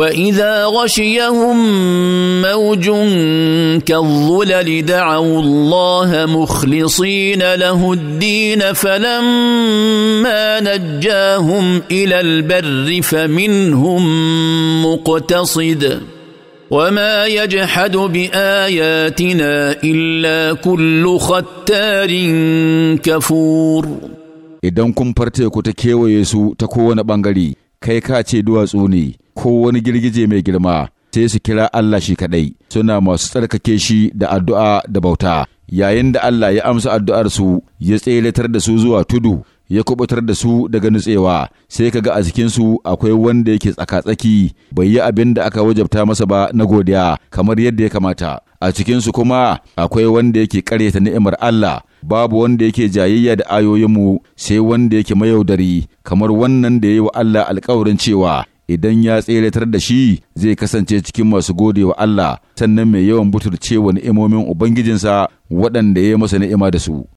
واذا غشيهم موج كالظلل دعوا الله مخلصين له الدين فلما نجاهم الى البر فمنهم مقتصد وما يجحد باياتنا الا كل ختار كفور idan kun farce ku ta kewaye su ta kowane kai ka ce duwatsu ne ko wani girgije mai girma sai su kira Allah shi kaɗai suna masu tsarkake shi da addu'a da bauta yayin da Allah ya amsa addu'ar su ya tseratar da su zuwa tudu ya kubutar da su daga nutsewa sai ka ga a cikin su akwai wanda yake tsaka-tsaki bai yi abin da aka wajabta masa ba na godiya kamar yadda ya kamata a cikinsu kuma akwai wanda yake karyata ni'imar Allah babu wanda yake jayayya da ayoyinmu sai wanda yake mayaudari kamar wannan da ya yi wa Allah alkawarin cewa idan ya tseratar da shi zai kasance cikin masu gode wa Allah sannan mai yawan buturcewa ni'imomin Ubangijinsa waɗanda ya yi masa ni'ima da su.